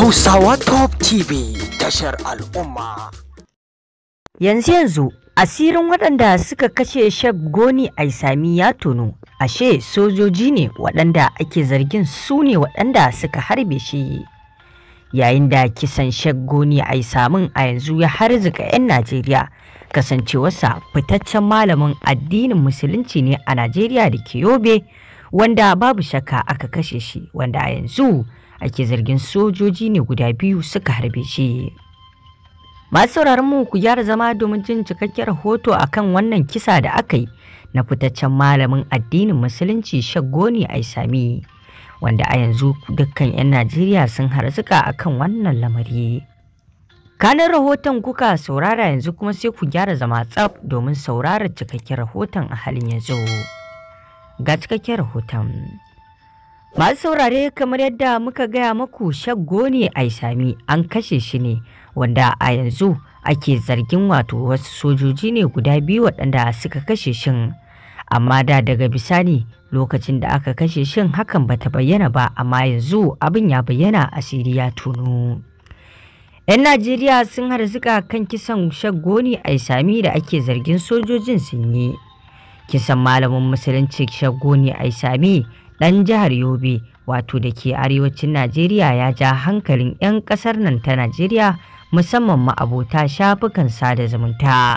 Hausawa Top TV tashar al'umma. Yanzu yanzu asirin waɗanda suka kashe Shek Goni Aisami ya tono, ashe sojoji ne waɗanda ake zargin su ne waɗanda suka harbe shi. Yayin da kisan Shek Goni Aisamin a yanzu ya harzika 'yan Najeriya, kasancewarsa fitaccen malamin addinin Musulunci ne a Najeriya da ke yobe, wanda babu shaka aka kashe shi, wanda a yanzu ake zargin sojoji ne guda biyu suka harbe shi. Masu sauraron mu ku gyara zama domin jin cikakken rahoto akan wannan kisa da aka yi na fitaccen malamin addinin musulunci a Aisami wanda a yanzu dukkan 'yan Najeriya sun harzuka akan wannan lamari. Kanin rahoton kuka saurara yanzu kuma sai ku gyara zama tsaf domin saurara cikakken rahoton a halin yanzu. Ga cikakken rahoton. Masu saurare kamar yadda muka gaya muku shaggo ne sami an kashe shi ne wanda a yanzu ake zargin wato wasu sojoji ne guda biyu waɗanda suka kashe shin. Amma da daga bisani lokacin da aka kashe shin hakan bata bayyana ba amma yanzu abin ya bayyana asiri ya tunu. 'Yan Najeriya sun harzuka kan kisan shaggoni sami da ake zargin sojojin sun yi. Kisan malamin musulunci a sami? ɗan jihar Yobe wato da ke arewacin Najeriya ya ja hankalin 'yan ƙasar nan ta Najeriya musamman ma'abota shafukan sada zumunta.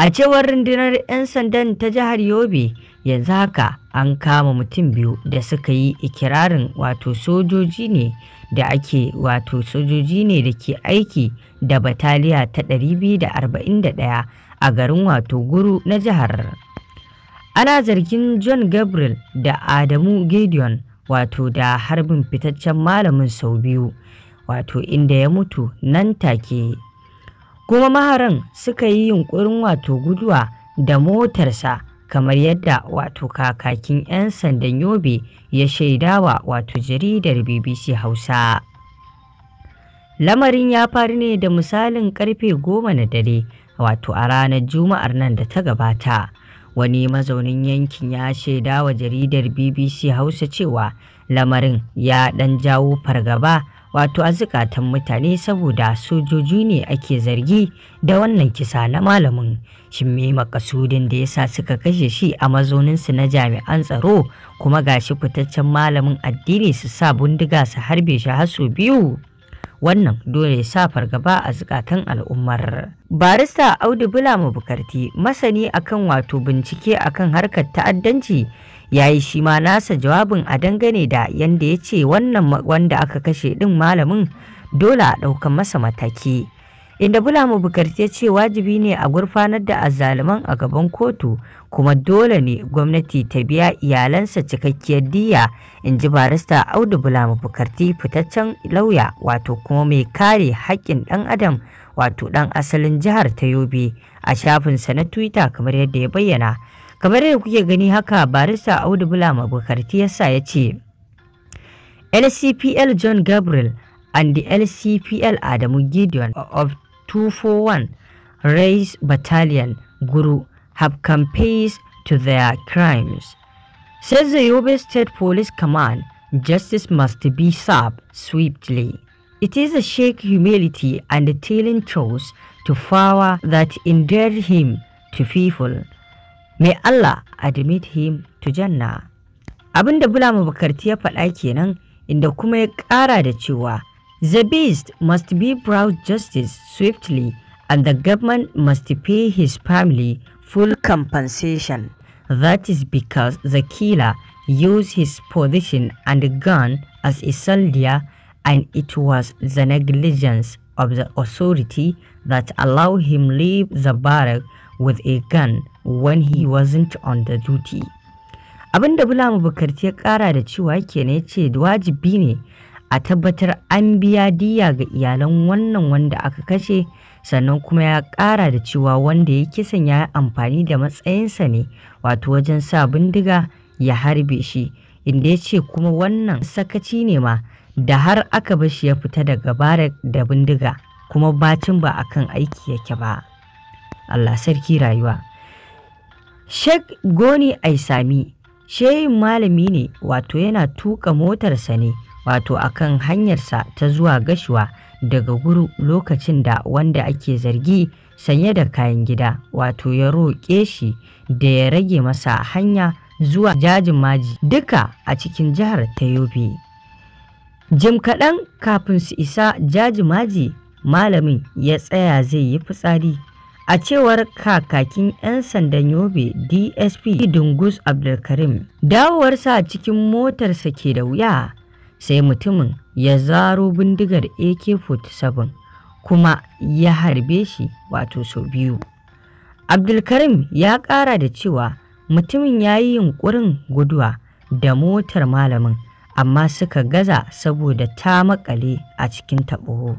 A cewar rundunar 'yan sandan ta jihar Yobe yanzu haka an kama mutum biyu da suka yi ikirarin wato sojoji ne da ake wato sojoji ne da ke aiki da bataliya ta 241 a garin wato guru na jihar. ana zargin john gabriel da adamu gideon wato da harbin fitaccen malamin sau biyu wato inda ya mutu nan take kuma maharan suka yi yunkurin wato guduwa da motarsa kamar yadda wato kakakin 'yan sandan yobe ya shaidawa wato jaridar bbc hausa lamarin ya faru ne da misalin karfe goma na dare wato a ranar juma'ar nan da ta gabata Wani mazaunin yankin ya shaida wa jaridar BBC Hausa cewa lamarin ya ɗan jawo fargaba wato a mutane saboda sojoji ne ake zargi da wannan kisa na malamin shin me makasudin da yasa suka kashe shi a mazauninsu na jami'an tsaro kuma gashi fitaccen malamin addini su sa bindiga su harbe shi har biyu wannan dole ya sa fargaba a zukatan al'ummar. Barista Audu Bulama Bukarti masani akan wato bincike akan harkar ta'addanci ya yi shi ma nasa jawabin a dangane da yanda ya ce wannan wanda aka kashe ɗin malamin dole a ɗaukan masa mataki. inda Bulamu Bukarti ya ce wajibi ne a gurfanar da azzaluman a gaban kotu kuma dole ne gwamnati ta biya iyalansa cikakkiyar diya in ji barista Audu Bulamu Bukarti fitaccen lauya wato kuma mai kare haƙƙin ɗan adam wato ɗan asalin jihar ta Yobe a shafinsa na Twitter kamar yadda ya bayyana. Kamar yadda kuke gani haka barista Audu Bulamu Bukarti yasa ya ce LCPL John Gabriel and the LCPL Adamu Gideon of 241 Race Battalion Guru have confessed to their crimes. Says the Yobe State Police Command, justice must be served swiftly. It is a shake humility and a telling truth to power that endeared him to people. May Allah admit him to Jannah. Abinda da Bulama Bakarti ya faɗa kenan inda kuma ya ƙara da cewa The beast must be brought justice swiftly and the government must pay his family full compensation. That is because the killer used his position and gun as a soldier and it was the negligence of the authority that allowed him leave the barrack with a gun when he wasn't on the duty. Abin da Bulamu Bukarti ya kara da cewa kene ya ce wajibi ne a tabbatar an biya diya ga iyalan wannan wanda aka kashe sannan kuma ya kara da cewa wanda ya kisan ya amfani da matsayinsa ne wato wajen sa bindiga ya harbe shi inda ya ce kuma wannan sakaci ne ma da har aka bar shi ya fita daga bara da bindiga kuma bacin ba a kan aiki yake ba Allah sarki rayuwa Sheikh Goni Aisami shehin malami ne wato yana tuka motarsa ne wato a kan hanyarsa ta zuwa gashuwa daga guru lokacin da wanda ake zargi sanye da kayan gida wato ya roƙe shi da ya rage masa hanya zuwa jajin maji duka a cikin jihar ta yobe jim kaɗan kafin su isa jajin maji malamin ya tsaya zai yi fitsari a cewar kakakin 'yan sandan yobe dsp dungus abdulkarim dawowarsa cikin motarsa ke da wuya sai mutumin ya zaro bindigar AK-47 kuma ya harbe shi wato sau biyu. Abdulkarim ya ƙara da cewa mutumin ya yi yunƙurin guduwa da motar malamin amma suka gaza saboda ta makale a cikin taɓo.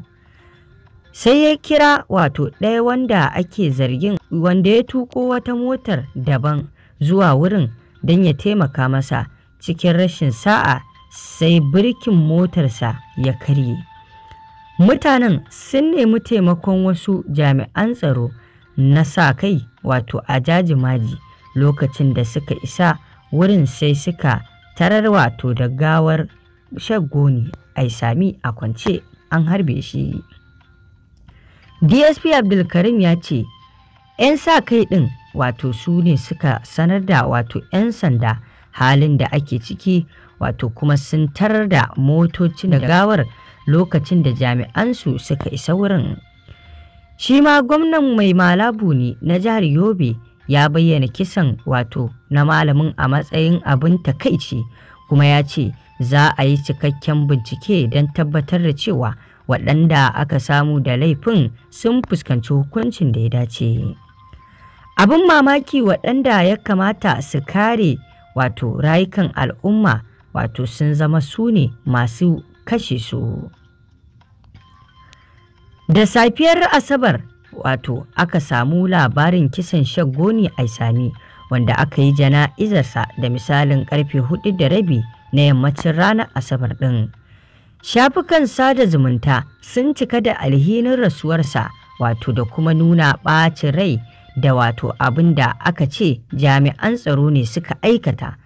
Sai ya kira wato ɗaya wanda ake zargin wanda ya tuko wata motar daban zuwa wurin don ya taimaka masa cikin rashin sa'a sai birkin motarsa ya karye. Mutanen sun nemi taimakon wasu jami'an tsaro na sa kai wato a Maji, lokacin da suka isa wurin sai suka tarar wato da gawar shaggoni ai sami a kwance an harbe shi. DSP Abdulkarim ya ce, ‘yan sa kai ɗin wato su ne suka sanar da wato ‘yan sanda halin da ake ciki wato kuma sun tar da motocin da gawar lokacin da jami'ansu suka isa wurin. Shi ma gwamnan mai malabu ne na jihar Yobe ya bayyana kisan wato na malamin a matsayin abin takaici kuma ya ce za a yi cikakken bincike don tabbatar da cewa waɗanda aka samu da laifin sun fuskanci hukuncin da ya dace. Abin mamaki waɗanda ya kamata su kare wato rayukan al'umma wato sun zama su ne masu kashe su. Da safiyar Asabar wato aka samu labarin kisan shaggoni aisani wanda aka yi jana'izarsa da misalin karfe hudu da rabi na yammacin ranar Asabar ɗin. Shafukan sada zumunta sun cika da alhinin rasuwarsa wato da kuma nuna ɓacin rai da wato abin da aka ce jami'an tsaro ne suka aikata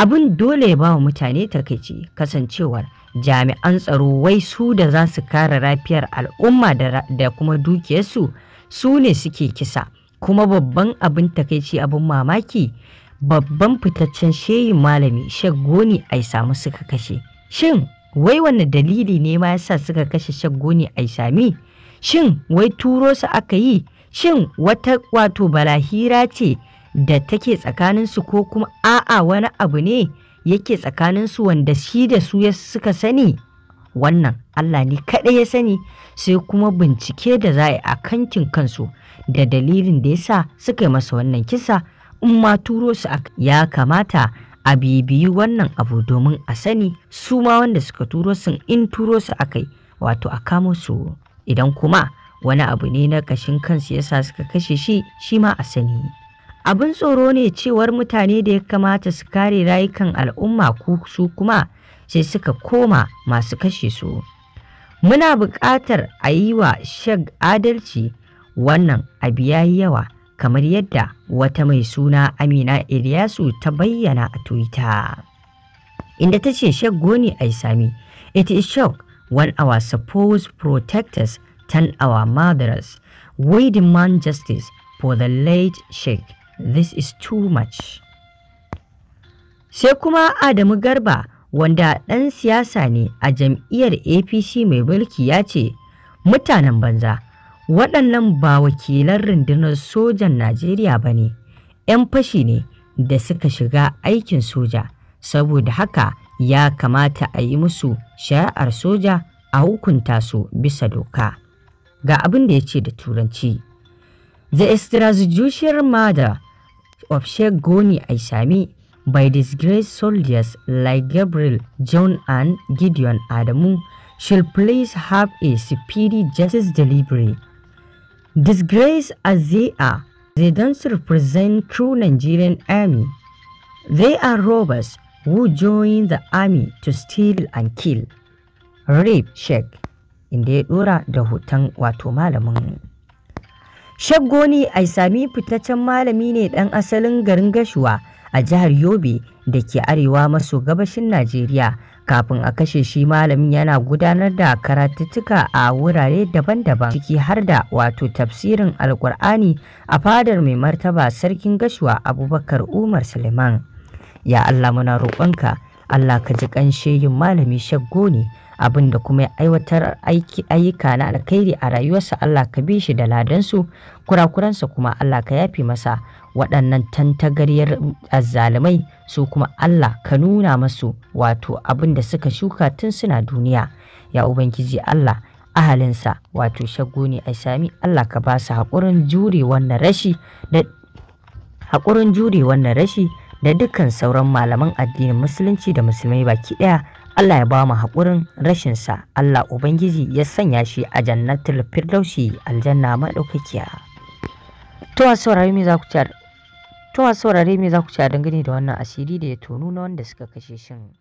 abin dole ya ba wa mutane takaici kasancewar jami'an tsaro wai su da za su kare lafiyar al'umma da kuma dukiyarsu su ne suke kisa kuma babban abin takaici abin mamaki babban fitaccen shehin malami shaggoni a samu suka kashe shin wai wanne dalili ne ma yasa suka kashe shaggoni a sami shin wai turo su aka yi shin wata wato balahira ce da take tsakaninsu ko kuma a'a wani abu ne yake tsakaninsu wanda shi da su ya suka sani wannan Allah ne kaɗai ya sani sai kuma bincike da za a yi a kankin kansu da dalilin da ya sa suka yi masa wannan kisa in ma turo su ya kamata a bibiyi wannan abu domin a sani su ma wanda suka turo sun in turo su akai wato a kamo su idan kuma wani abu ne na kashin kansu yasa suka kashe shi shi ma a sani Abin tsoro ne cewar mutane da ya kamata su kare rayukan al'umma ku su kuma sai suka koma masu kashe su. Muna buƙatar a yi wa shag adalci wannan abu ya yi yawa kamar yadda wata mai suna Amina Ilyasu ta bayyana a Twitter. Inda ta ce shag goni a sami, it is shock when our supposed protectors turn our murderers. We demand justice for the late sheikh. This is too much. Sai kuma Adamu Garba wanda ɗan siyasa ne a jam'iyyar APC mai mulki ya ce, Mutanen banza, waɗannan ba wakilan rundunar sojan Najeriya ba ne, ‘yan fashi ne da suka shiga aikin soja, saboda haka ya kamata a yi musu shari'ar soja a hukunta su bisa doka. Ga abin da ya ce da Turanci, The extrajudicial murder of Olusegun Aishami by disgraced soldiers like Gabriel, John and Gideon Adamu shall please have a speedy justice delivery. Disgraced as they are, they don't represent true Nigerian army. They are robbers who join the army to steal and kill. Rape Sheikh, inda ya dora da hoton wato malamin. Shaggoni sami fitaccen malami ne ɗan asalin garin Gashuwa a jihar Yobe da ke arewa maso gabashin Najeriya. Kafin a kashe shi malamin yana gudanar da karatuttuka a wurare daban-daban ciki har da wato tafsirin alkur'ani a fadar mai martaba sarkin Gashuwa Abubakar Umar Suleiman. Ya Allah muna roƙonka, Allah ka ji ƙanshe yin malami shaggoni abin da kuma aiwatar ayyuka na alkhairi a rayuwarsa Allah ka bi shi da ladansu kurakuransa kuma Allah ka yafi masa waɗannan tantagaryar azzalumai su kuma Allah ka nuna masu wato abin da suka shuka tun suna duniya ya ubangiji Allah ahalinsa wato shagoni a sami Allah ka ba su haƙurin jure wannan rashi da haƙurin jure wannan rashi da dukkan sauran malaman addinin musulunci da musulmai baki ɗaya Allah ya ba mu haƙurin rashinsa, Allah Ubangiji ya sanya shi a jannatul firdausi aljanna maɗaukakiya. a saurare me za ku ci dangane da wannan asiri da ya tunu na wanda suka kashe shin.